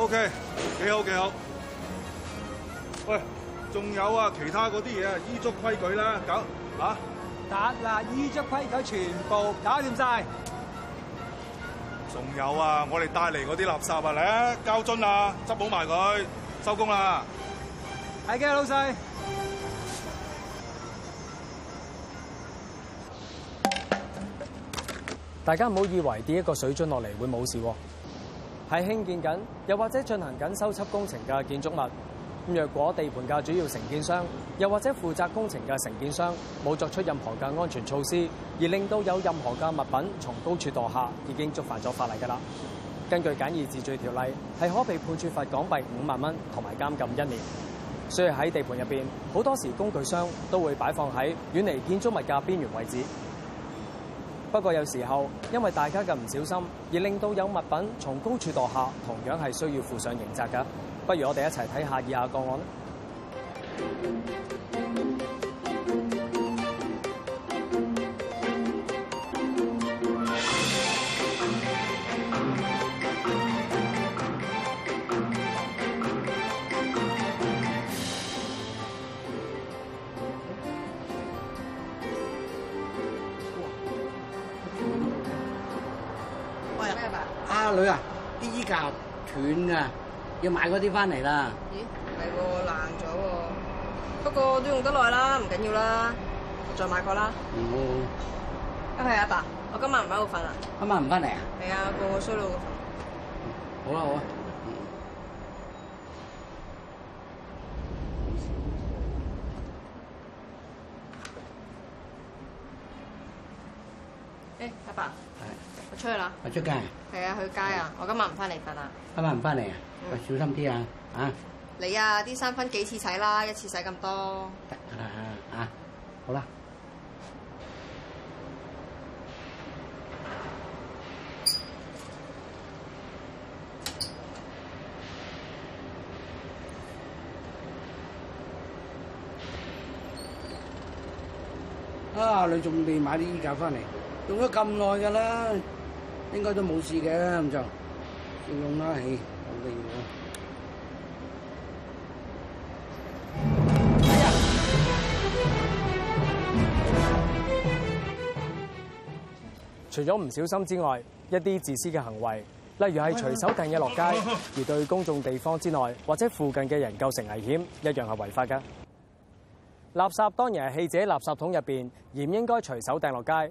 OK，幾好幾好。喂，仲有啊，其他嗰啲嘢，依足規矩啦，搞啊！得啦，依足規矩全部搞掂晒。仲有啊，我哋帶嚟嗰啲垃圾啊，嚟啊，膠樽啊，執好埋佢，收工啦。係嘅，老細。大家唔好以為跌一個水樽落嚟會冇事。係興建緊，又或者進行緊修葺工程嘅建築物。若果地盤嘅主要承建商，又或者負責工程嘅承建商，冇作出任何嘅安全措施，而令到有任何嘅物品從高處墮下，已經觸犯咗法例噶啦。根據簡易治罪條例，係可被判處罰港幣五萬蚊同埋監禁一年。所以喺地盤入面，好多時工具箱都會擺放喺遠離建築物嘅邊緣位置。不過有時候因為大家嘅唔小心，而令到有物品從高處墮下，同樣係需要負上刑責㗎。不如我哋一齊睇下以下個案。阿女啊，啲衣架斷㗎，要買嗰啲翻嚟啦。咦，唔係喎，爛咗喎。不過都用得耐啦，唔緊要啦，再買個啦。哦。咁係阿爸，我今晚唔喺度瞓啦。今晚唔翻嚟啊？係啊，個個衰佬個份。好啦好啦。嗯。誒，阿爸。係。我出去啦，我出街，係啊去街啊！我今晚唔翻嚟瞓啦，今晚唔翻嚟啊！喂小心啲啊，啊！你啊，啲衫分幾次洗啦，一次洗咁多。啊啊啊！好啦，啊你仲未買啲衣架翻嚟？用咗咁耐噶啦，應該都冇事嘅，咁就照用啦。好咁嘅樣。除咗唔小心之外，一啲自私嘅行為，例如係隨手掟嘢落街，而對公眾地方之內或者附近嘅人構成危險，一樣係違法噶。垃圾當然係棄者垃圾桶入邊，而唔應該隨手掟落街。